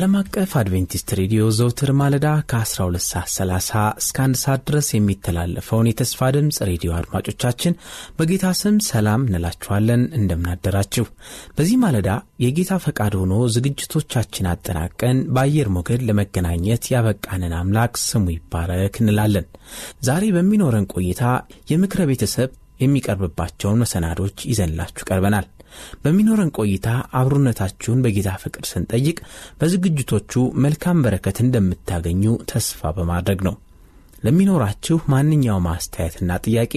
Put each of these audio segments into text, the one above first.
ከዓለም አቀፍ አድቬንቲስት ሬዲዮ ዘውትር ማለዳ ከ 1230 ሰዓት እስከ 1 ሰዓት ድረስ የሚተላለፈውን የተስፋ ድምፅ ሬዲዮ አድማጮቻችን በጌታ ስም ሰላም እንላችኋለን። እንደምናደራችሁ። በዚህ ማለዳ የጌታ ፈቃድ ሆኖ ዝግጅቶቻችን አጠናቀን በአየር ሞገድ ለመገናኘት ያበቃንን አምላክ ስሙ ይባረክ እንላለን። ዛሬ በሚኖረን ቆይታ የምክረ ቤተሰብ የሚቀርብባቸውን መሰናዶች ይዘንላችሁ ቀርበናል። በሚኖረን ቆይታ አብሩነታችሁን በጌታ ፍቅር ስንጠይቅ በዝግጅቶቹ መልካም በረከት እንደምታገኙ ተስፋ በማድረግ ነው። ለሚኖራችሁ ማንኛውም ማስተያየትና ጥያቄ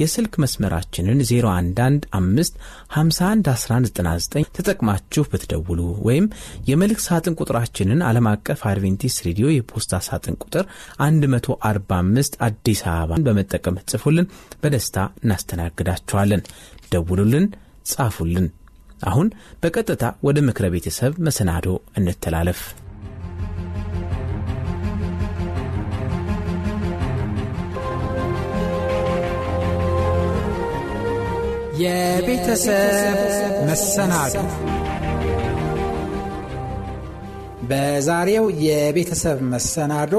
የስልክ መስመራችንን 011551199 ተጠቅማችሁ ብትደውሉ ወይም የመልክ ሳጥን ቁጥራችንን ዓለም አቀፍ አድቬንቲስት ሬዲዮ የፖስታ ሳጥን ቁጥር 145 አዲስ አበባን በመጠቀም ጽፉልን። በደስታ እናስተናግዳችኋለን። ደውሉልን። ጻፉልን። አሁን በቀጥታ ወደ ምክረ ቤተሰብ መሰናዶ እንተላለፍ። የቤተሰብ መሰናዶ በዛሬው የቤተሰብ መሰናዶ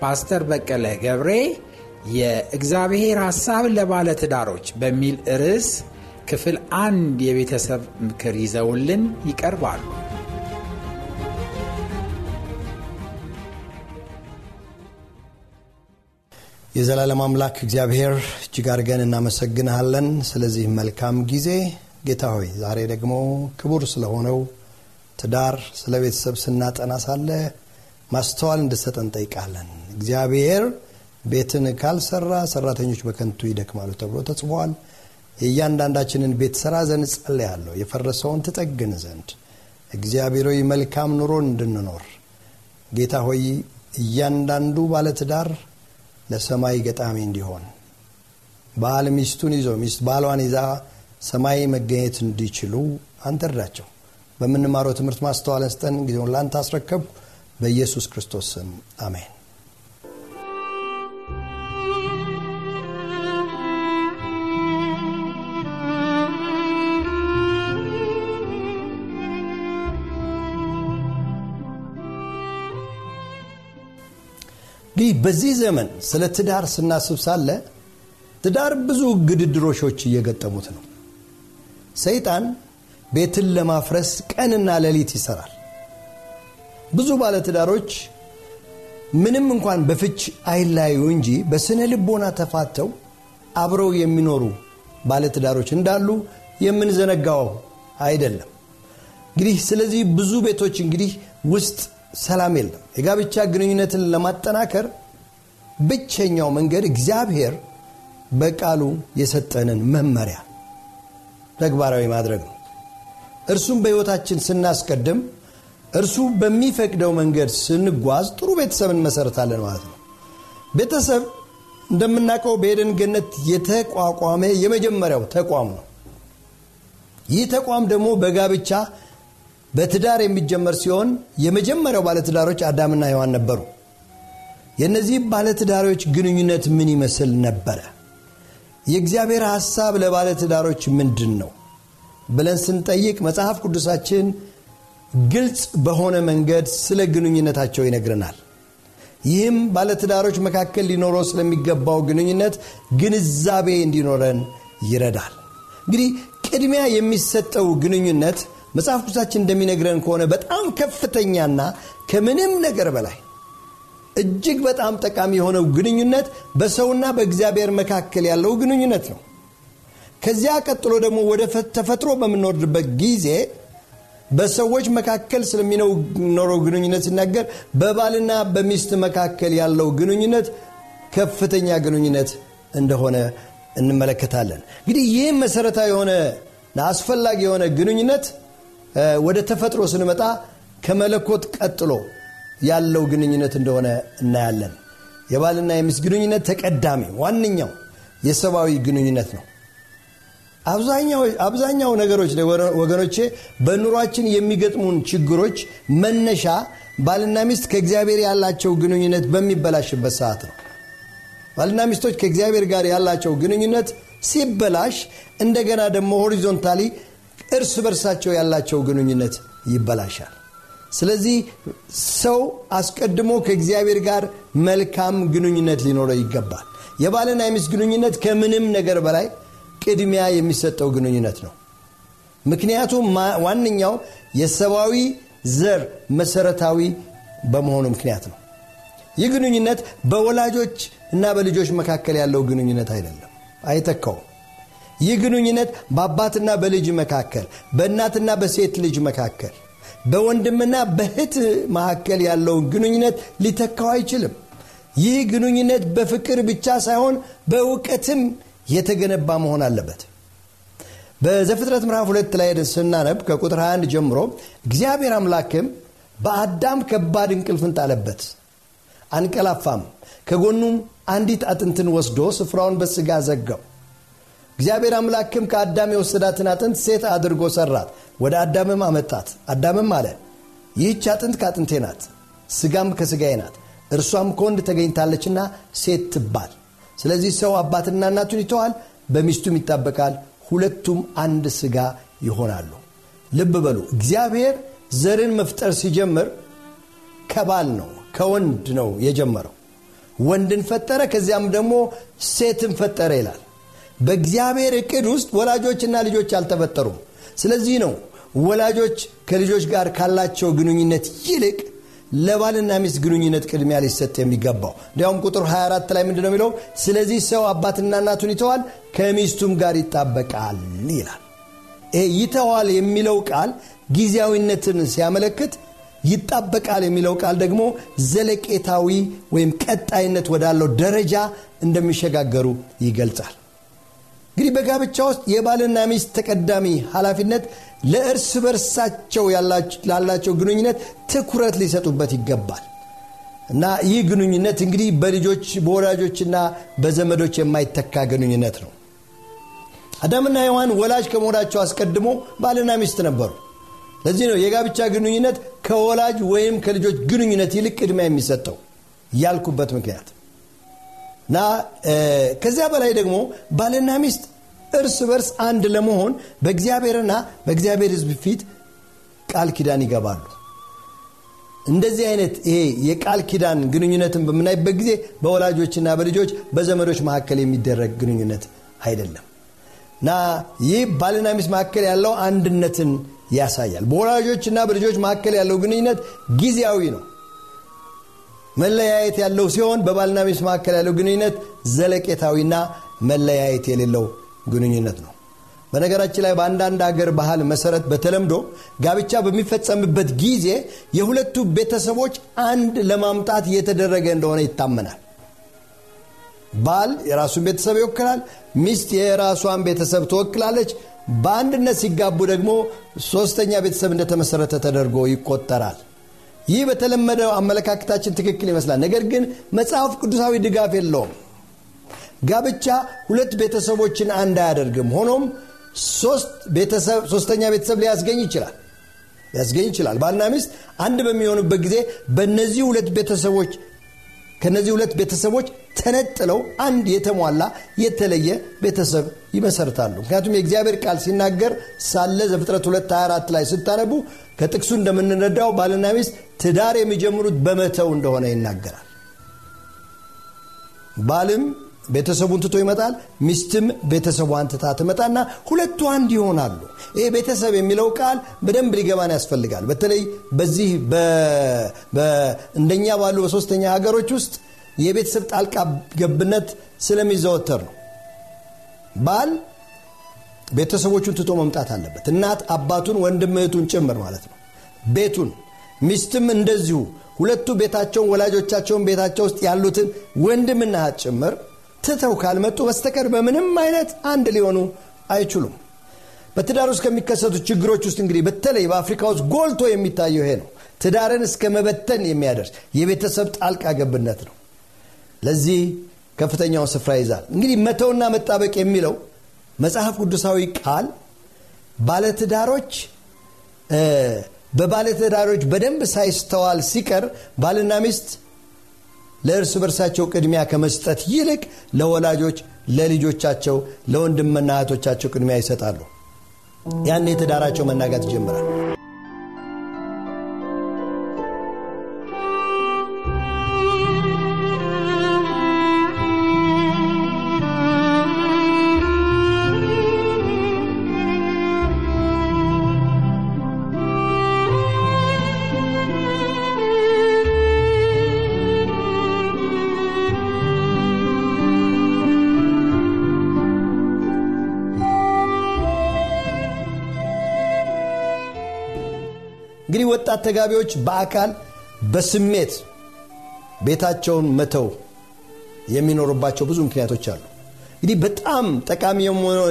ፓስተር በቀለ ገብሬ የእግዚአብሔር ሐሳብ ለባለትዳሮች በሚል ርዕስ ክፍል አንድ የቤተሰብ ምክር ይዘውልን ይቀርባሉ። የዘላለም አምላክ እግዚአብሔር እጅግ አድርገን እናመሰግንሃለን ስለዚህ መልካም ጊዜ። ጌታ ሆይ ዛሬ ደግሞ ክቡር ስለሆነው ትዳር፣ ስለ ቤተሰብ ስናጠና ሳለ ማስተዋል እንድሰጠን ጠይቃለን። እግዚአብሔር ቤትን ካልሰራ ሰራተኞች በከንቱ ይደክማሉ ተብሎ ተጽፏል። የእያንዳንዳችንን ቤት ስራ ዘንድ ጸልያለሁ የፈረሰውን ትጠግን ዘንድ እግዚአብሔር መልካም ኑሮ እንድንኖር ጌታ ሆይ እያንዳንዱ ባለትዳር ለሰማይ ገጣሚ እንዲሆን ባል ሚስቱን ይዞ ሚስት ባሏን ይዛ ሰማይ መገኘት እንዲችሉ አንተ በምንማረው ትምህርት ማስተዋለን ስጠን ጊዜውን ላንተ አስረከብኩ በኢየሱስ ክርስቶስ ስም አሜን ይህ በዚህ ዘመን ስለ ትዳር ስናስብ ሳለ ትዳር ብዙ ግድድሮሾች እየገጠሙት ነው። ሰይጣን ቤትን ለማፍረስ ቀንና ሌሊት ይሰራል። ብዙ ባለትዳሮች ምንም እንኳን በፍች አይላዩ እንጂ በስነ ልቦና ተፋተው አብረው የሚኖሩ ባለትዳሮች እንዳሉ የምንዘነጋው አይደለም። እንግዲህ ስለዚህ ብዙ ቤቶች እንግዲህ ውስጥ ሰላም የለም። የጋብቻ ግንኙነትን ለማጠናከር ብቸኛው መንገድ እግዚአብሔር በቃሉ የሰጠንን መመሪያ ተግባራዊ ማድረግ ነው። እርሱም በሕይወታችን ስናስቀድም፣ እርሱ በሚፈቅደው መንገድ ስንጓዝ ጥሩ ቤተሰብ እንመሠረታለን ማለት ነው። ቤተሰብ እንደምናውቀው በሄደን ገነት የተቋቋመ የመጀመሪያው ተቋም ነው። ይህ ተቋም ደግሞ በጋብቻ በትዳር የሚጀመር ሲሆን የመጀመሪያው ባለትዳሮች አዳምና ሔዋን ነበሩ። የእነዚህ ባለትዳሮች ግንኙነት ምን ይመስል ነበረ? የእግዚአብሔር ሐሳብ ለባለትዳሮች ምንድን ነው ብለን ስንጠይቅ መጽሐፍ ቅዱሳችን ግልጽ በሆነ መንገድ ስለ ግንኙነታቸው ይነግረናል። ይህም ባለትዳሮች መካከል ሊኖረው ስለሚገባው ግንኙነት ግንዛቤ እንዲኖረን ይረዳል። እንግዲህ ቅድሚያ የሚሰጠው ግንኙነት መጽሐፍ ቅዱሳችን እንደሚነግረን ከሆነ በጣም ከፍተኛና ከምንም ነገር በላይ እጅግ በጣም ጠቃሚ የሆነው ግንኙነት በሰውና በእግዚአብሔር መካከል ያለው ግንኙነት ነው ከዚያ ቀጥሎ ደግሞ ወደ ተፈጥሮ በምንወርድበት ጊዜ በሰዎች መካከል ስለሚኖረው ግንኙነት ሲናገር በባልና በሚስት መካከል ያለው ግንኙነት ከፍተኛ ግንኙነት እንደሆነ እንመለከታለን እንግዲህ ይህም መሰረታዊ የሆነ አስፈላጊ የሆነ ግንኙነት ወደ ተፈጥሮ ስንመጣ ከመለኮት ቀጥሎ ያለው ግንኙነት እንደሆነ እናያለን። የባልና የሚስት ግንኙነት ተቀዳሚ ዋነኛው የሰብአዊ ግንኙነት ነው። አብዛኛው ነገሮች ወገኖቼ በኑሯችን የሚገጥሙን ችግሮች መነሻ ባልና ሚስት ከእግዚአብሔር ያላቸው ግንኙነት በሚበላሽበት ሰዓት ነው። ባልና ሚስቶች ከእግዚአብሔር ጋር ያላቸው ግንኙነት ሲበላሽ እንደገና ደግሞ ሆሪዞንታሊ እርስ በርሳቸው ያላቸው ግንኙነት ይበላሻል ስለዚህ ሰው አስቀድሞ ከእግዚአብሔር ጋር መልካም ግንኙነት ሊኖረው ይገባል የባልና የሚስት ግንኙነት ከምንም ነገር በላይ ቅድሚያ የሚሰጠው ግንኙነት ነው ምክንያቱም ዋነኛው የሰብአዊ ዘር መሰረታዊ በመሆኑ ምክንያት ነው ይህ ግንኙነት በወላጆች እና በልጆች መካከል ያለው ግንኙነት አይደለም አይተካውም ይህ ግንኙነት በአባትና በልጅ መካከል፣ በእናትና በሴት ልጅ መካከል፣ በወንድምና በእህት መካከል ያለውን ግንኙነት ሊተካው አይችልም። ይህ ግንኙነት በፍቅር ብቻ ሳይሆን በእውቀትም የተገነባ መሆን አለበት። በዘፍጥረት ምራፍ ሁለት ላይ ስናነብ ከቁጥር 21 ጀምሮ እግዚአብሔር አምላክም በአዳም ከባድ እንቅልፍን ጣለበት፣ አንቀላፋም። ከጎኑም አንዲት አጥንትን ወስዶ ስፍራውን በስጋ ዘጋው። እግዚአብሔር አምላክም ከአዳም የወሰዳትን አጥንት ሴት አድርጎ ሰራት፣ ወደ አዳምም አመጣት። አዳምም አለ ይህች አጥንት ከአጥንቴ ናት፣ ስጋም ከስጋዬ ናት። እርሷም ከወንድ ተገኝታለችና ሴት ትባል። ስለዚህ ሰው አባትና እናቱን ይተዋል፣ በሚስቱም ይጣበቃል፣ ሁለቱም አንድ ስጋ ይሆናሉ። ልብ በሉ እግዚአብሔር ዘርን መፍጠር ሲጀምር ከባል ነው ከወንድ ነው የጀመረው። ወንድን ፈጠረ፣ ከዚያም ደግሞ ሴትን ፈጠረ ይላል። በእግዚአብሔር እቅድ ውስጥ ወላጆችና ልጆች አልተፈጠሩም ስለዚህ ነው ወላጆች ከልጆች ጋር ካላቸው ግንኙነት ይልቅ ለባልና ሚስት ግንኙነት ቅድሚያ ሊሰጥ የሚገባው እንዲያውም ቁጥር 24 ላይ ምንድነው የሚለው ስለዚህ ሰው አባትና እናቱን ይተዋል ከሚስቱም ጋር ይጣበቃል ይላል ይተዋል የሚለው ቃል ጊዜያዊነትን ሲያመለክት ይጣበቃል የሚለው ቃል ደግሞ ዘለቄታዊ ወይም ቀጣይነት ወዳለው ደረጃ እንደሚሸጋገሩ ይገልጻል እንግዲህ በጋብቻ ውስጥ የባልና ሚስት ተቀዳሚ ኃላፊነት ለእርስ በርሳቸው ላላቸው ግንኙነት ትኩረት ሊሰጡበት ይገባል እና ይህ ግንኙነት እንግዲህ በልጆች በወላጆችና በዘመዶች የማይተካ ግንኙነት ነው አዳምና ሔዋን ወላጅ ከመሆናቸው አስቀድሞ ባልና ሚስት ነበሩ ለዚህ ነው የጋብቻ ግንኙነት ከወላጅ ወይም ከልጆች ግንኙነት ይልቅ ቅድሚያ የሚሰጠው ያልኩበት ምክንያት እና ከዚያ በላይ ደግሞ ባልና ሚስት እርስ በርስ አንድ ለመሆን በእግዚአብሔርና በእግዚአብሔር ህዝብ ፊት ቃል ኪዳን ይገባሉ እንደዚህ አይነት ይሄ የቃል ኪዳን ግንኙነትን በምናይበት ጊዜ በወላጆችና በልጆች በዘመዶች መካከል የሚደረግ ግንኙነት አይደለም እና ይህ ባልና ሚስት መካከል ያለው አንድነትን ያሳያል በወላጆችና በልጆች መካከል ያለው ግንኙነት ጊዜያዊ ነው መለያየት ያለው ሲሆን በባልና ሚስት መካከል ያለው ግንኙነት ዘለቄታዊና መለያየት የሌለው ግንኙነት ነው በነገራችን ላይ በአንዳንድ አገር ባህል መሰረት በተለምዶ ጋብቻ በሚፈጸምበት ጊዜ የሁለቱ ቤተሰቦች አንድ ለማምጣት እየተደረገ እንደሆነ ይታመናል ባል የራሱን ቤተሰብ ይወክላል ሚስት የራሷን ቤተሰብ ትወክላለች በአንድነት ሲጋቡ ደግሞ ሶስተኛ ቤተሰብ እንደተመሰረተ ተደርጎ ይቆጠራል ይህ በተለመደው አመለካከታችን ትክክል ይመስላል። ነገር ግን መጽሐፍ ቅዱሳዊ ድጋፍ የለውም። ጋብቻ ሁለት ቤተሰቦችን አንድ አያደርግም። ሆኖም ሶስተኛ ቤተሰብ ሊያስገኝ ይችላል ያስገኝ ይችላል። ባልና ሚስት አንድ በሚሆኑበት ጊዜ በእነዚህ ሁለት ቤተሰቦች ከነዚህ ሁለት ቤተሰቦች ተነጥለው አንድ የተሟላ የተለየ ቤተሰብ ይመሰርታሉ። ምክንያቱም የእግዚአብሔር ቃል ሲናገር ሳለ ዘፍጥረት 224 ላይ ስታነቡ ከጥቅሱ እንደምንረዳው ባልና ሚስት ትዳር የሚጀምሩት በመተው እንደሆነ ይናገራል። ባልም ቤተሰቡን ትቶ ይመጣል። ሚስትም ቤተሰቧን ትታ ትመጣና ሁለቱ አንድ ይሆናሉ። ይህ ቤተሰብ የሚለው ቃል በደንብ ሊገባን ያስፈልጋል። በተለይ በዚህ እንደኛ ባሉ በሶስተኛ ሀገሮች ውስጥ የቤተሰብ ጣልቃ ገብነት ስለሚዘወተር ነው። ባል ቤተሰቦቹን ትቶ መምጣት አለበት። እናት አባቱን፣ ወንድምህቱን ጭምር ማለት ነው። ቤቱን ሚስትም እንደዚሁ ሁለቱ ቤታቸውን፣ ወላጆቻቸውን ቤታቸው ውስጥ ያሉትን ወንድምና ጭምር ትተው ካልመጡ በስተቀር በምንም አይነት አንድ ሊሆኑ አይችሉም በትዳር ውስጥ ከሚከሰቱ ችግሮች ውስጥ እንግዲህ በተለይ በአፍሪካ ውስጥ ጎልቶ የሚታየው ይሄ ነው ትዳርን እስከ መበተን የሚያደርስ የቤተሰብ ጣልቃ ገብነት ነው ለዚህ ከፍተኛውን ስፍራ ይዛል እንግዲህ መተውና መጣበቅ የሚለው መጽሐፍ ቅዱሳዊ ቃል ባለትዳሮች በባለትዳሮች በደንብ ሳይስተዋል ሲቀር ባልና ሚስት ለእርስ በርሳቸው ቅድሚያ ከመስጠት ይልቅ ለወላጆች፣ ለልጆቻቸው፣ ለወንድምና እህቶቻቸው ቅድሚያ ይሰጣሉ። ያን የተዳራቸው መናጋት ይጀምራል። ወጣት ተጋቢዎች በአካል በስሜት ቤታቸውን መተው የሚኖሩባቸው ብዙ ምክንያቶች አሉ። እንግዲህ በጣም ጠቃሚ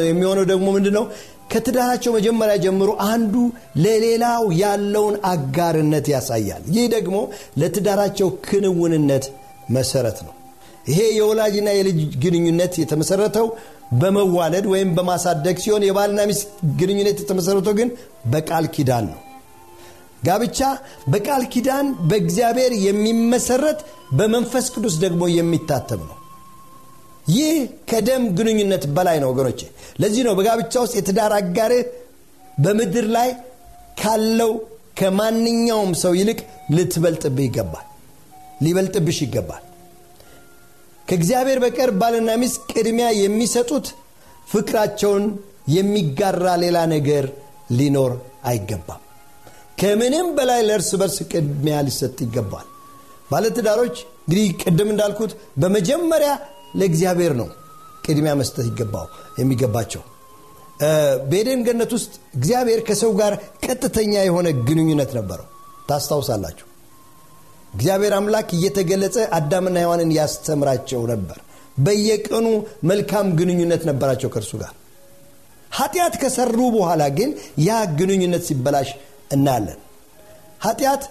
የሚሆነው ደግሞ ምንድ ነው? ከትዳራቸው መጀመሪያ ጀምሮ አንዱ ለሌላው ያለውን አጋርነት ያሳያል። ይህ ደግሞ ለትዳራቸው ክንውንነት መሰረት ነው። ይሄ የወላጅና የልጅ ግንኙነት የተመሰረተው በመዋለድ ወይም በማሳደግ ሲሆን የባልና ሚስት ግንኙነት የተመሰረተው ግን በቃል ኪዳን ነው። ጋብቻ በቃል ኪዳን በእግዚአብሔር የሚመሰረት በመንፈስ ቅዱስ ደግሞ የሚታተም ነው ይህ ከደም ግንኙነት በላይ ነው ወገኖች ለዚህ ነው በጋብቻ ውስጥ የትዳር አጋርህ በምድር ላይ ካለው ከማንኛውም ሰው ይልቅ ልትበልጥብህ ይገባል ሊበልጥብሽ ይገባል ከእግዚአብሔር በቀር ባልና ሚስት ቅድሚያ የሚሰጡት ፍቅራቸውን የሚጋራ ሌላ ነገር ሊኖር አይገባም ከምንም በላይ ለእርስ በርስ ቅድሚያ ሊሰጥ ይገባል ባለትዳሮች እንግዲህ ቅድም እንዳልኩት በመጀመሪያ ለእግዚአብሔር ነው ቅድሚያ መስጠት ይገባው የሚገባቸው በኤደን ገነት ውስጥ እግዚአብሔር ከሰው ጋር ቀጥተኛ የሆነ ግንኙነት ነበረው ታስታውሳላችሁ እግዚአብሔር አምላክ እየተገለጸ አዳምና ሔዋንን ያስተምራቸው ነበር በየቀኑ መልካም ግንኙነት ነበራቸው ከእርሱ ጋር ኃጢአት ከሰሩ በኋላ ግን ያ ግንኙነት ሲበላሽ እናያለን ኃጢአት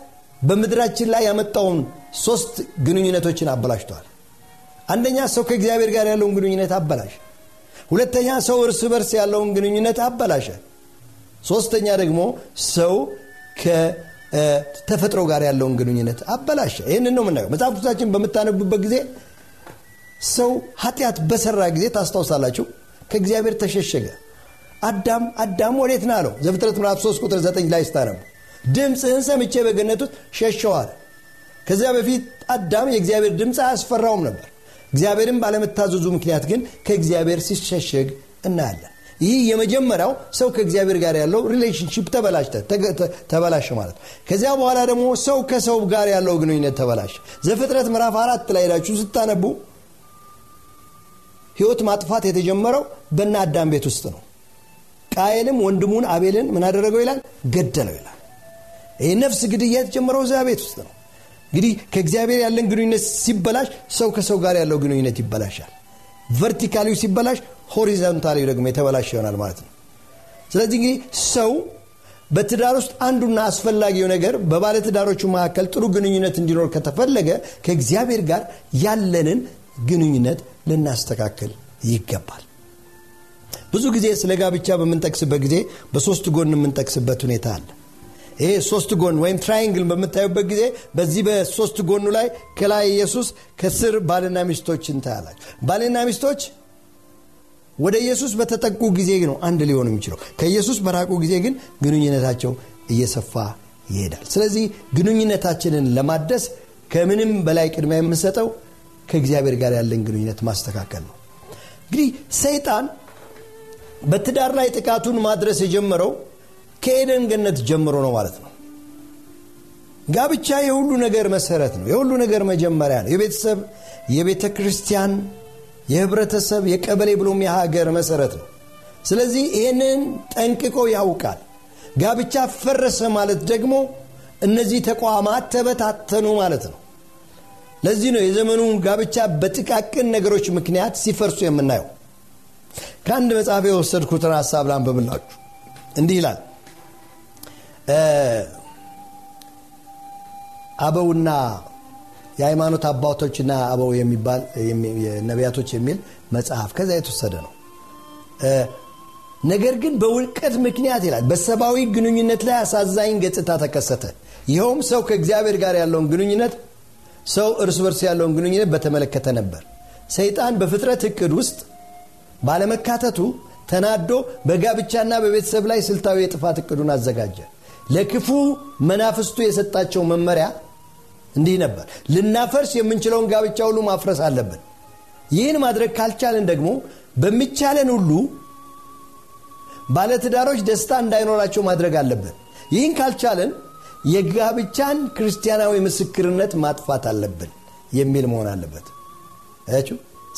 በምድራችን ላይ ያመጣውን ሶስት ግንኙነቶችን አበላሽተዋል አንደኛ ሰው ከእግዚአብሔር ጋር ያለውን ግንኙነት አበላሸ ሁለተኛ ሰው እርስ በርስ ያለውን ግንኙነት አበላሸ ሶስተኛ ደግሞ ሰው ከተፈጥሮ ጋር ያለውን ግንኙነት አበላሸ ይህንን ነው የምናየው መጽሐፍ ቅዱሳችን በምታነቡበት ጊዜ ሰው ኃጢአት በሰራ ጊዜ ታስታውሳላችሁ ከእግዚአብሔር ተሸሸገ አዳም አዳም ወዴት ና አለው ዘፍጥረት ምዕራፍ 3 ቁጥር 9 ላይ ስታነቡ ድምፅህን ሰምቼ በገነት ውስጥ ሸሸዋል ከዚያ በፊት አዳም የእግዚአብሔር ድምፅ አያስፈራውም ነበር እግዚአብሔርን ባለመታዘዙ ምክንያት ግን ከእግዚአብሔር ሲሸሸግ እናያለን ይህ የመጀመሪያው ሰው ከእግዚአብሔር ጋር ያለው ሪሌሽንሽፕ ተበላሸ ማለት ከዚያ በኋላ ደግሞ ሰው ከሰው ጋር ያለው ግንኙነት ተበላሸ ዘፍጥረት ምዕራፍ አራት ላይ ሄዳችሁ ስታነቡ ህይወት ማጥፋት የተጀመረው በና አዳም ቤት ውስጥ ነው ቃየልም ወንድሙን አቤልን ምን አደረገው ይላል ገደለው ይላል ይህ ነፍስ ግድያ የተጀመረው እዚያ ቤት ውስጥ ነው እንግዲህ ከእግዚአብሔር ያለን ግንኙነት ሲበላሽ ሰው ከሰው ጋር ያለው ግንኙነት ይበላሻል ቨርቲካሊ ሲበላሽ ሆሪዛንታሊ ደግሞ የተበላሽ ይሆናል ማለት ነው ስለዚህ እንግዲህ ሰው በትዳር ውስጥ አንዱና አስፈላጊው ነገር በባለትዳሮቹ መካከል ጥሩ ግንኙነት እንዲኖር ከተፈለገ ከእግዚአብሔር ጋር ያለንን ግንኙነት ልናስተካክል ይገባል ብዙ ጊዜ ስለ ጋብቻ በምንጠቅስበት ጊዜ በሶስት ጎን የምንጠቅስበት ሁኔታ አለ ይሄ ሶስት ጎን ወይም ትራይንግል በምታዩበት ጊዜ በዚህ በሶስት ጎኑ ላይ ከላይ ኢየሱስ ከስር ባልና ሚስቶች እንታያላችሁ ባልና ሚስቶች ወደ ኢየሱስ በተጠቁ ጊዜ ነው አንድ ሊሆኑ የሚችለው ከኢየሱስ በራቁ ጊዜ ግን ግንኙነታቸው እየሰፋ ይሄዳል ስለዚህ ግንኙነታችንን ለማደስ ከምንም በላይ ቅድሚያ የምንሰጠው ከእግዚአብሔር ጋር ያለን ግንኙነት ማስተካከል ነው እንግዲህ ሰይጣን በትዳር ላይ ጥቃቱን ማድረስ የጀመረው ከኤደን ገነት ጀምሮ ነው ማለት ነው። ጋብቻ የሁሉ ነገር መሰረት ነው። የሁሉ ነገር መጀመሪያ ነው። የቤተሰብ፣ የቤተ ክርስቲያን፣ የህብረተሰብ፣ የቀበሌ ብሎም የሀገር መሰረት ነው። ስለዚህ ይህንን ጠንቅቆ ያውቃል። ጋብቻ ፈረሰ ማለት ደግሞ እነዚህ ተቋማት ተበታተኑ ማለት ነው። ለዚህ ነው የዘመኑ ጋብቻ በጥቃቅን ነገሮች ምክንያት ሲፈርሱ የምናየው። ከአንድ መጽሐፍ የወሰድኩትን ሀሳብ ላንብብላችሁ እንዲህ ይላል አበውና የሃይማኖት አባቶችና አበው የሚባል ነቢያቶች የሚል መጽሐፍ ከዛ የተወሰደ ነው ነገር ግን በውልቀት ምክንያት ይላል በሰብአዊ ግንኙነት ላይ አሳዛኝ ገጽታ ተከሰተ ይኸውም ሰው ከእግዚአብሔር ጋር ያለውን ግንኙነት ሰው እርስ በርስ ያለውን ግንኙነት በተመለከተ ነበር ሰይጣን በፍጥረት እቅድ ውስጥ ባለመካተቱ ተናዶ በጋብቻና በቤተሰብ ላይ ስልታዊ የጥፋት እቅዱን አዘጋጀ። ለክፉ መናፍስቱ የሰጣቸው መመሪያ እንዲህ ነበር። ልናፈርስ የምንችለውን ጋብቻ ሁሉ ማፍረስ አለብን። ይህን ማድረግ ካልቻለን ደግሞ በሚቻለን ሁሉ ባለትዳሮች ደስታ እንዳይኖራቸው ማድረግ አለብን። ይህን ካልቻለን የጋብቻን ክርስቲያናዊ ምስክርነት ማጥፋት አለብን የሚል መሆን አለበት።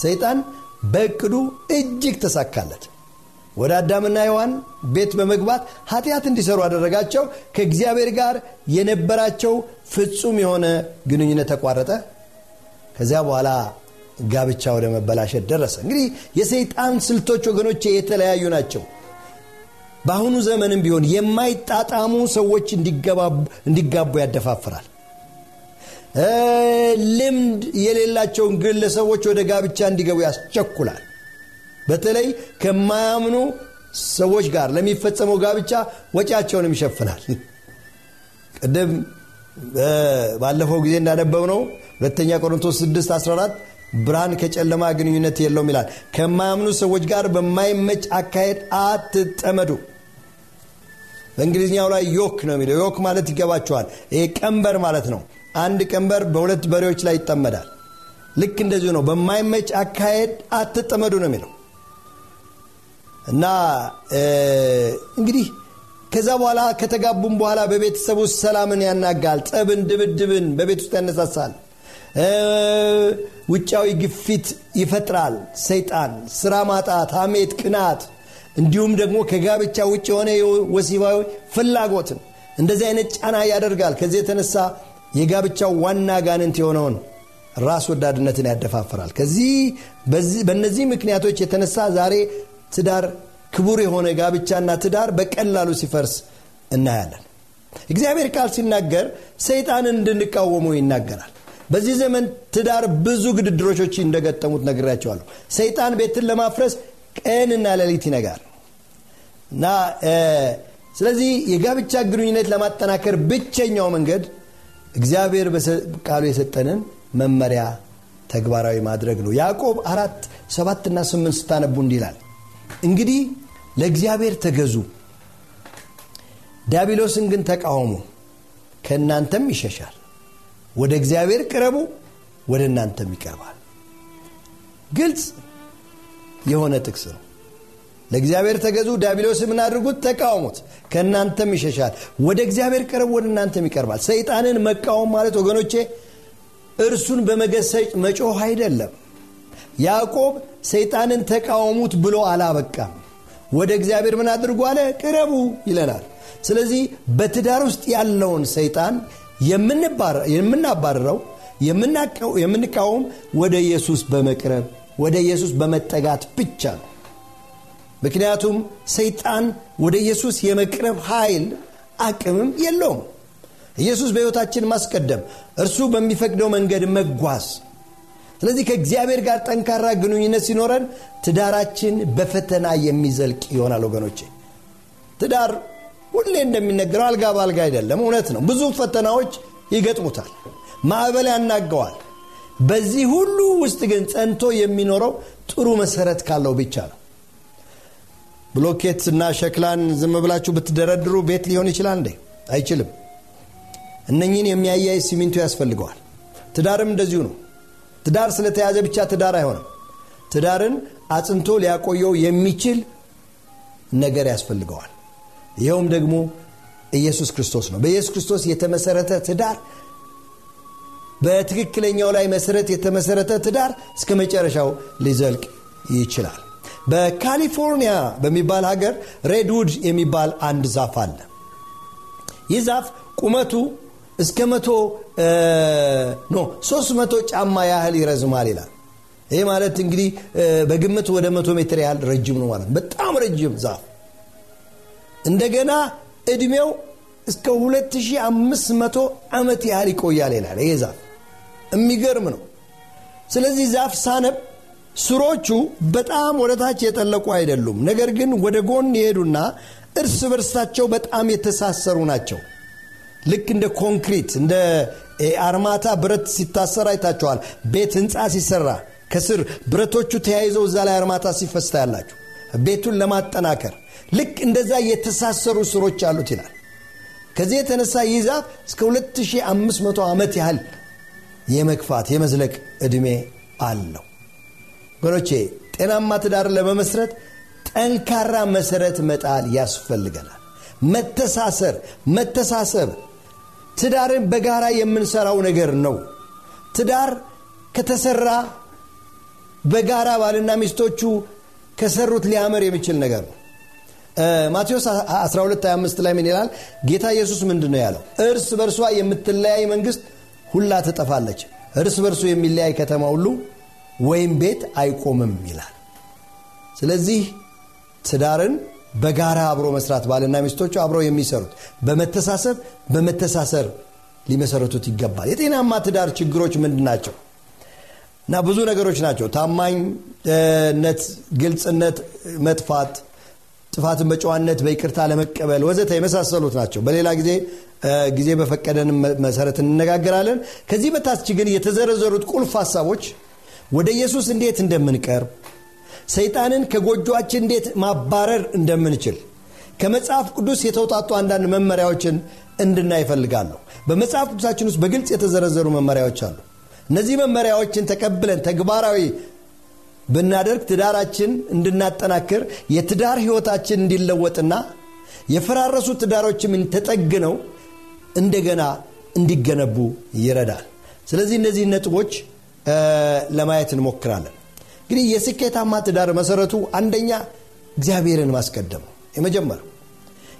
ሰይጣን በእቅዱ እጅግ ተሳካለት። ወደ አዳምና ሔዋን ቤት በመግባት ኃጢአት እንዲሰሩ አደረጋቸው። ከእግዚአብሔር ጋር የነበራቸው ፍጹም የሆነ ግንኙነት ተቋረጠ። ከዚያ በኋላ ጋብቻ ወደ መበላሸት ደረሰ። እንግዲህ የሰይጣን ስልቶች ወገኖች የተለያዩ ናቸው። በአሁኑ ዘመንም ቢሆን የማይጣጣሙ ሰዎች እንዲጋቡ ያደፋፍራል። ልምድ የሌላቸውን ግለሰቦች ወደ ጋብቻ እንዲገቡ ያስቸኩላል በተለይ ከማያምኑ ሰዎች ጋር ለሚፈጸመው ጋብቻ ወጪያቸውንም ይሸፍናል ቅድም ባለፈው ጊዜ እንዳነበብ ነው ሁለተኛ ቆሮንቶስ 6 14 ብርሃን ከጨለማ ግንኙነት የለውም ይላል ከማያምኑ ሰዎች ጋር በማይመች አካሄድ አትጠመዱ በእንግሊዝኛው ላይ ዮክ ነው የሚለው ዮክ ማለት ይገባቸዋል ይሄ ቀንበር ማለት ነው አንድ ቀንበር በሁለት በሬዎች ላይ ይጠመዳል። ልክ እንደዚሁ ነው። በማይመች አካሄድ አትጠመዱ ነው የሚለው እና እንግዲህ ከዛ በኋላ ከተጋቡም በኋላ በቤተሰብ ውስጥ ሰላምን ያናጋል። ጸብን፣ ድብድብን በቤት ውስጥ ያነሳሳል። ውጫዊ ግፊት ይፈጥራል። ሰይጣን ስራ ማጣት፣ አሜት ቅናት እንዲሁም ደግሞ ከጋብቻ ውጭ የሆነ ወሲባዊ ፍላጎትን እንደዚህ አይነት ጫና ያደርጋል። ከዚህ የተነሳ የጋብቻው ዋና ጋንንት የሆነውን ራስ ወዳድነትን ያደፋፍራል። ከዚህ በእነዚህ ምክንያቶች የተነሳ ዛሬ ትዳር ክቡር የሆነ ጋብቻና ትዳር በቀላሉ ሲፈርስ እናያለን። እግዚአብሔር ቃል ሲናገር ሰይጣን እንድንቃወሙ ይናገራል። በዚህ ዘመን ትዳር ብዙ ግድድሮች እንደገጠሙት ነግራቸዋለሁ። ሰይጣን ቤትን ለማፍረስ ቀንና ሌሊት ይነጋል እና ስለዚህ የጋብቻ ግንኙነት ለማጠናከር ብቸኛው መንገድ እግዚአብሔር ቃሉ የሰጠንን መመሪያ ተግባራዊ ማድረግ ነው ያዕቆብ አራት ሰባትና ስምንት ስታነቡ እንዲህ ይላል እንግዲህ ለእግዚአብሔር ተገዙ ዲያብሎስን ግን ተቃውሙ ከእናንተም ይሸሻል ወደ እግዚአብሔር ቅረቡ ወደ እናንተም ይቀርባል ግልጽ የሆነ ጥቅስ ነው ለእግዚአብሔር ተገዙ ዲያብሎስ ምን አድርጉት ተቃውሙት ከእናንተም ይሸሻል ወደ እግዚአብሔር ቀረብ ወደ እናንተም ይቀርባል ሰይጣንን መቃወም ማለት ወገኖቼ እርሱን በመገሰጭ መጮህ አይደለም ያዕቆብ ሰይጣንን ተቃወሙት ብሎ አላበቃም ወደ እግዚአብሔር ምን አድርጉ አለ ቅረቡ ይለናል ስለዚህ በትዳር ውስጥ ያለውን ሰይጣን የምናባረረው የምንቃወም ወደ ኢየሱስ በመቅረብ ወደ ኢየሱስ በመጠጋት ብቻ ነው ምክንያቱም ሰይጣን ወደ ኢየሱስ የመቅረብ ኃይል አቅምም የለውም ኢየሱስ በሕይወታችን ማስቀደም እርሱ በሚፈቅደው መንገድ መጓዝ ስለዚህ ከእግዚአብሔር ጋር ጠንካራ ግንኙነት ሲኖረን ትዳራችን በፈተና የሚዘልቅ ይሆናል ወገኖቼ ትዳር ሁሌ እንደሚነገረው አልጋ በአልጋ አይደለም እውነት ነው ብዙ ፈተናዎች ይገጥሙታል ማዕበል ያናገዋል በዚህ ሁሉ ውስጥ ግን ጸንቶ የሚኖረው ጥሩ መሰረት ካለው ብቻ ነው እና ሸክላን ዝም ብላችሁ ብትደረድሩ ቤት ሊሆን ይችላል እንዴ? አይችልም። እነኝን የሚያያይ ሲሚንቶ ያስፈልገዋል። ትዳርም እንደዚሁ ነው። ትዳር ስለተያዘ ብቻ ትዳር አይሆንም። ትዳርን አጽንቶ ሊያቆየው የሚችል ነገር ያስፈልገዋል። ይኸውም ደግሞ ኢየሱስ ክርስቶስ ነው። በኢየሱስ ክርስቶስ የተመሰረተ ትዳር፣ በትክክለኛው ላይ መሰረት የተመሰረተ ትዳር እስከ መጨረሻው ሊዘልቅ ይችላል። በካሊፎርኒያ በሚባል ሀገር ሬድውድ የሚባል አንድ ዛፍ አለ። ይህ ዛፍ ቁመቱ እስከ መቶ ኖ ሶስት መቶ ጫማ ያህል ይረዝማል ይላል። ይህ ማለት እንግዲህ በግምት ወደ መቶ ሜትር ያህል ረጅም ነው ማለት በጣም ረጅም ዛፍ እንደገና እድሜው እስከ 2500 ዓመት ያህል ይቆያል ይላል ይሄ ዛፍ። የሚገርም ነው። ስለዚህ ዛፍ ሳነብ ስሮቹ በጣም ወደ ታች የጠለቁ አይደሉም፣ ነገር ግን ወደ ጎን የሄዱና እርስ በርሳቸው በጣም የተሳሰሩ ናቸው። ልክ እንደ ኮንክሪት እንደ አርማታ ብረት ሲታሰር አይታችኋል። ቤት ህንፃ ሲሰራ ከስር ብረቶቹ ተያይዘው እዛ ላይ አርማታ ሲፈስታ ያላችሁ ቤቱን ለማጠናከር ልክ እንደዛ የተሳሰሩ ስሮች አሉት ይላል። ከዚህ የተነሳ ይህ ዛፍ እስከ 2500 ዓመት ያህል የመግፋት የመዝለቅ ዕድሜ አለው። ወገኖቼ ጤናማ ትዳር ለመመስረት ጠንካራ መሰረት መጣል ያስፈልገናል። መተሳሰር መተሳሰብ ትዳርን በጋራ የምንሰራው ነገር ነው። ትዳር ከተሰራ በጋራ ባልና ሚስቶቹ ከሰሩት ሊያምር የሚችል ነገር ነው። ማቴዎስ 1225 ላይ ምን ይላል? ጌታ ኢየሱስ ምንድን ነው ያለው? እርስ በርሷ የምትለያይ መንግስት ሁላ ትጠፋለች። እርስ በርሱ የሚለያይ ከተማ ሁሉ ወይም ቤት አይቆምም ይላል ስለዚህ ትዳርን በጋራ አብሮ መስራት ባልና ሚስቶቹ አብረው የሚሰሩት በመተሳሰብ በመተሳሰር ሊመሰረቱት ይገባል የጤናማ ትዳር ችግሮች ምንድን ናቸው እና ብዙ ነገሮች ናቸው ታማኝነት ግልጽነት መጥፋት ጥፋትን በጨዋነት በይቅርታ ለመቀበል ወዘተ የመሳሰሉት ናቸው በሌላ ጊዜ ጊዜ በፈቀደን መሰረት እንነጋገራለን ከዚህ በታች ግን የተዘረዘሩት ቁልፍ ሀሳቦች ወደ ኢየሱስ እንዴት እንደምንቀርብ ሰይጣንን ከጎጆአችን እንዴት ማባረር እንደምንችል ከመጽሐፍ ቅዱስ የተውጣጡ አንዳንድ መመሪያዎችን እንድና ይፈልጋሉ በመጽሐፍ ቅዱሳችን ውስጥ በግልጽ የተዘረዘሩ መመሪያዎች አሉ። እነዚህ መመሪያዎችን ተቀብለን ተግባራዊ ብናደርግ ትዳራችን እንድናጠናክር የትዳር ህይወታችን እንዲለወጥና የፈራረሱ ትዳሮችም ተጠግነው እንደገና እንዲገነቡ ይረዳል። ስለዚህ እነዚህ ነጥቦች ለማየት እንሞክራለን። እንግዲህ የስኬታማ ትዳር መሰረቱ አንደኛ እግዚአብሔርን ማስቀደም የመጀመር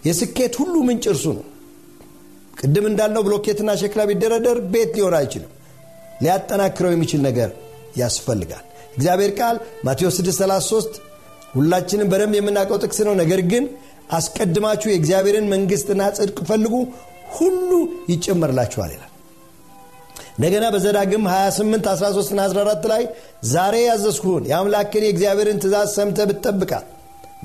የስኬት ሁሉ ምንጭ እርሱ ነው። ቅድም እንዳልነው ብሎኬትና ሸክላ ቢደረደር ቤት ሊሆን አይችልም። ሊያጠናክረው የሚችል ነገር ያስፈልጋል። እግዚአብሔር ቃል ማቴዎስ 633 ሁላችንም በደንብ የምናውቀው ጥቅስ ነው። ነገር ግን አስቀድማችሁ የእግዚአብሔርን መንግሥትና ጽድቅ ፈልጉ፣ ሁሉ ይጨመርላችኋል ይላል። እንደገና በዘዳግም 28 13 14 ላይ ዛሬ ያዘዝኩህን የአምላክን የእግዚአብሔርን ትእዛዝ ሰምተ ብትጠብቃት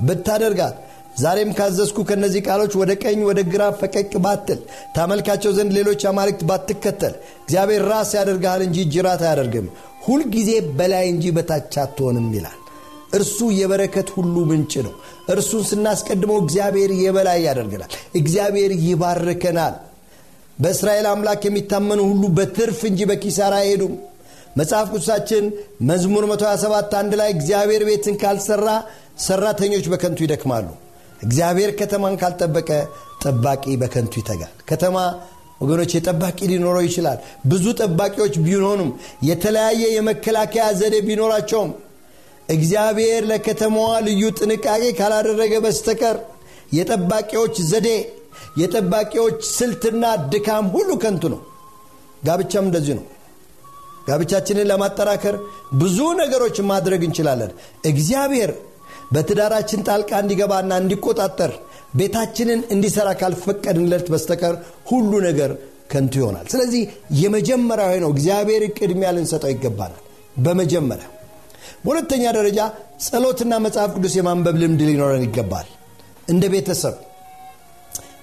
ብታደርጋት ዛሬም ካዘዝኩ ከእነዚህ ቃሎች ወደ ቀኝ ወደ ግራ ፈቀቅ ባትል ታመልካቸው ዘንድ ሌሎች አማልክት ባትከተል እግዚአብሔር ራስ ያደርግሃል እንጂ ጅራት አያደርግም ሁልጊዜ በላይ እንጂ በታች አትሆንም ይላል እርሱ የበረከት ሁሉ ምንጭ ነው እርሱን ስናስቀድመው እግዚአብሔር የበላይ ያደርገናል እግዚአብሔር ይባርከናል በእስራኤል አምላክ የሚታመኑ ሁሉ በትርፍ እንጂ በኪሳራ አይሄዱም መጽሐፍ ቅዱሳችን መዝሙር 127 አንድ ላይ እግዚአብሔር ቤትን ካልሰራ ሰራተኞች በከንቱ ይደክማሉ እግዚአብሔር ከተማን ካልጠበቀ ጠባቂ በከንቱ ይተጋል ከተማ ወገኖች ጠባቂ ሊኖረው ይችላል ብዙ ጠባቂዎች ቢሆኑም የተለያየ የመከላከያ ዘዴ ቢኖራቸውም እግዚአብሔር ለከተማዋ ልዩ ጥንቃቄ ካላደረገ በስተቀር የጠባቂዎች ዘዴ የጠባቂዎች ስልትና ድካም ሁሉ ከንቱ ነው ጋብቻም እንደዚህ ነው ጋብቻችንን ለማጠራከር ብዙ ነገሮች ማድረግ እንችላለን እግዚአብሔር በትዳራችን ጣልቃ እንዲገባና እንዲቆጣጠር ቤታችንን እንዲሰራ ካልፈቀድንለት በስተቀር ሁሉ ነገር ከንቱ ይሆናል ስለዚህ የመጀመሪያ ነው እግዚአብሔር ቅድሚያ ልንሰጠው ይገባናል በመጀመሪያ በሁለተኛ ደረጃ ጸሎትና መጽሐፍ ቅዱስ የማንበብ ልምድ ሊኖረን ይገባል እንደ ቤተሰብ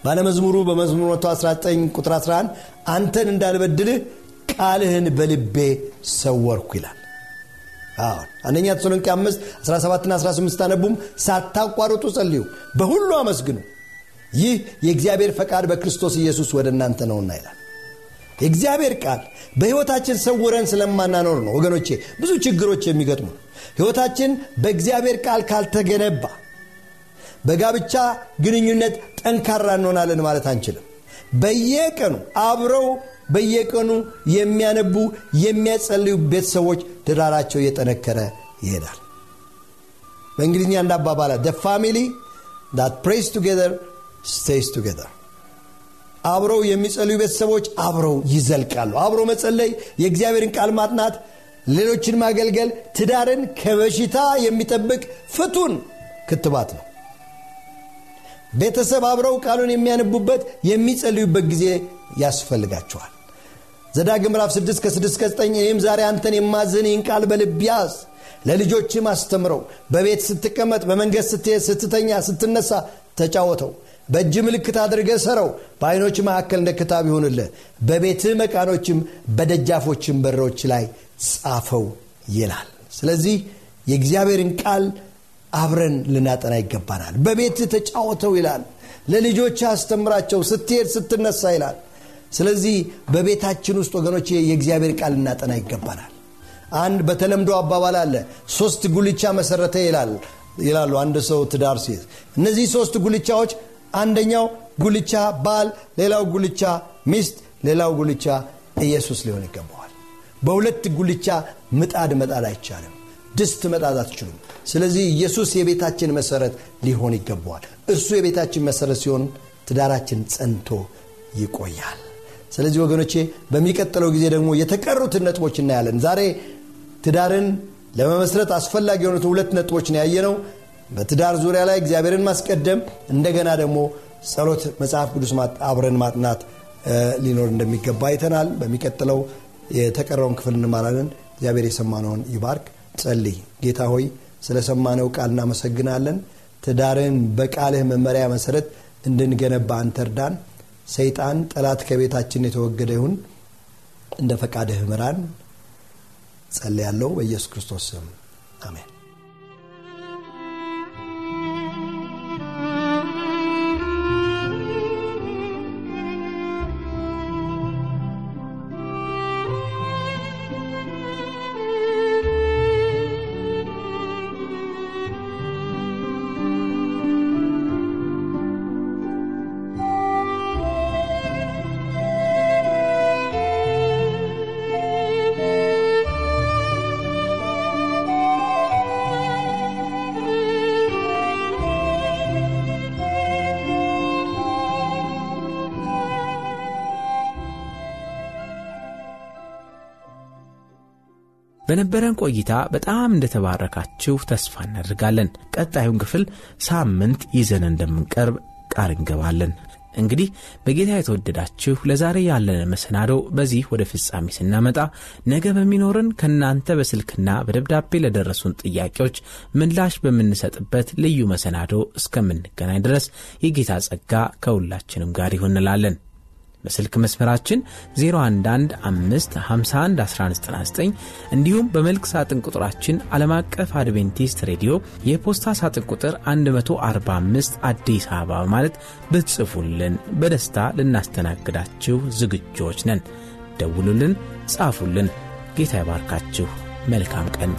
ባለመዝሙሩ በመዝሙር 19 ቁጥር 11 አንተን እንዳልበድልህ ቃልህን በልቤ ሰወርኩ ይላል አሁን አንደኛ ተሰሎንቄ 5 17ና 18 አነቡም ሳታቋርጡ ጸልዩ በሁሉ አመስግኑ ይህ የእግዚአብሔር ፈቃድ በክርስቶስ ኢየሱስ ወደ እናንተ ነውና ይላል የእግዚአብሔር ቃል በሕይወታችን ሰውረን ስለማናኖር ነው ወገኖቼ ብዙ ችግሮች የሚገጥሙ ሕይወታችን በእግዚአብሔር ቃል ካልተገነባ በጋብቻ ግንኙነት ጠንካራ እንሆናለን ማለት አንችልም። በየቀኑ አብረው በየቀኑ የሚያነቡ የሚያጸልዩ ቤተሰቦች ትዳራቸው እየጠነከረ ይሄዳል። በእንግሊዝኛ እንደ አባባላ ደ ፋሚሊ ዳት ፕሬይስ ቱጌዘር ስቴይስ አብረው የሚጸልዩ ቤተሰቦች አብረው ይዘልቃሉ። አብረው መጸለይ፣ የእግዚአብሔርን ቃል ማጥናት፣ ሌሎችን ማገልገል ትዳርን ከበሽታ የሚጠብቅ ፍቱን ክትባት ነው። ቤተሰብ አብረው ቃሉን የሚያነቡበት የሚጸልዩበት ጊዜ ያስፈልጋቸዋል ዘዳግ ምዕራፍ 6 ከ6 እስከ 9 እኔም ዛሬ አንተን የማዝን ይህን ቃል በልቢያዝ ለልጆችም አስተምረው በቤት ስትቀመጥ በመንገድ ስትሄድ ስትተኛ ስትነሳ ተጫወተው በእጅ ምልክት አድርገ ሰረው በአይኖች መካከል እንደ ክታብ ይሆንልህ በቤት መቃኖችም በደጃፎችም በሮች ላይ ጻፈው ይላል ስለዚህ የእግዚአብሔርን ቃል አብረን ልናጠና ይገባናል በቤት ተጫወተው ይላል ለልጆች አስተምራቸው ስትሄድ ስትነሳ ይላል ስለዚህ በቤታችን ውስጥ ወገኖች የእግዚአብሔር ቃል ልናጠና ይገባናል አንድ በተለምዶ አባባል አለ ሶስት ጉልቻ መሰረተ ይላል ይላሉ አንድ ሰው ትዳር ሲይዝ እነዚህ ሶስት ጉልቻዎች አንደኛው ጉልቻ ባል ሌላው ጉልቻ ሚስት ሌላው ጉልቻ ኢየሱስ ሊሆን ይገባዋል በሁለት ጉልቻ ምጣድ መጣል አይቻልም ድስት መጣት አትችሉም ስለዚህ ኢየሱስ የቤታችን መሰረት ሊሆን ይገባዋል እርሱ የቤታችን መሰረት ሲሆን ትዳራችን ጸንቶ ይቆያል ስለዚህ ወገኖቼ በሚቀጥለው ጊዜ ደግሞ የተቀሩትን ነጥቦች እናያለን ዛሬ ትዳርን ለመመስረት አስፈላጊ የሆኑትን ሁለት ነጥቦች ነው በትዳር ዙሪያ ላይ እግዚአብሔርን ማስቀደም እንደገና ደግሞ ጸሎት መጽሐፍ ቅዱስ አብረን ማጥናት ሊኖር እንደሚገባ አይተናል በሚቀጥለው የተቀረውን ክፍል እንማላለን እግዚአብሔር የሰማነውን ይባርክ ጸልይ። ጌታ ሆይ ስለሰማነው ቃል እናመሰግናለን። ትዳርን በቃልህ መመሪያ መሰረት እንድንገነባ አንተርዳን ሰይጣን ጠላት ከቤታችን የተወገደ ይሁን። እንደ ፈቃድህ ምራን። ጸልያለሁ በኢየሱስ ክርስቶስ ስም አሜን። በነበረን ቆይታ በጣም እንደተባረካችሁ ተስፋ እናደርጋለን። ቀጣዩን ክፍል ሳምንት ይዘን እንደምንቀርብ ቃል እንገባለን። እንግዲህ በጌታ የተወደዳችሁ ለዛሬ ያለን መሰናዶ በዚህ ወደ ፍጻሜ ስናመጣ ነገ በሚኖርን ከእናንተ በስልክና በደብዳቤ ለደረሱን ጥያቄዎች ምላሽ በምንሰጥበት ልዩ መሰናዶ እስከምንገናኝ ድረስ የጌታ ጸጋ ከሁላችንም ጋር ይሆንላለን። በስልክ መስመራችን 0115511199 እንዲሁም በመልክ ሳጥን ቁጥራችን ዓለም አቀፍ አድቬንቲስት ሬዲዮ የፖስታ ሳጥን ቁጥር 145 አዲስ አበባ ማለት ብትጽፉልን በደስታ ልናስተናግዳችሁ ዝግጆች ነን። ደውሉልን፣ ጻፉልን። ጌታ ይባርካችሁ። መልካም ቀን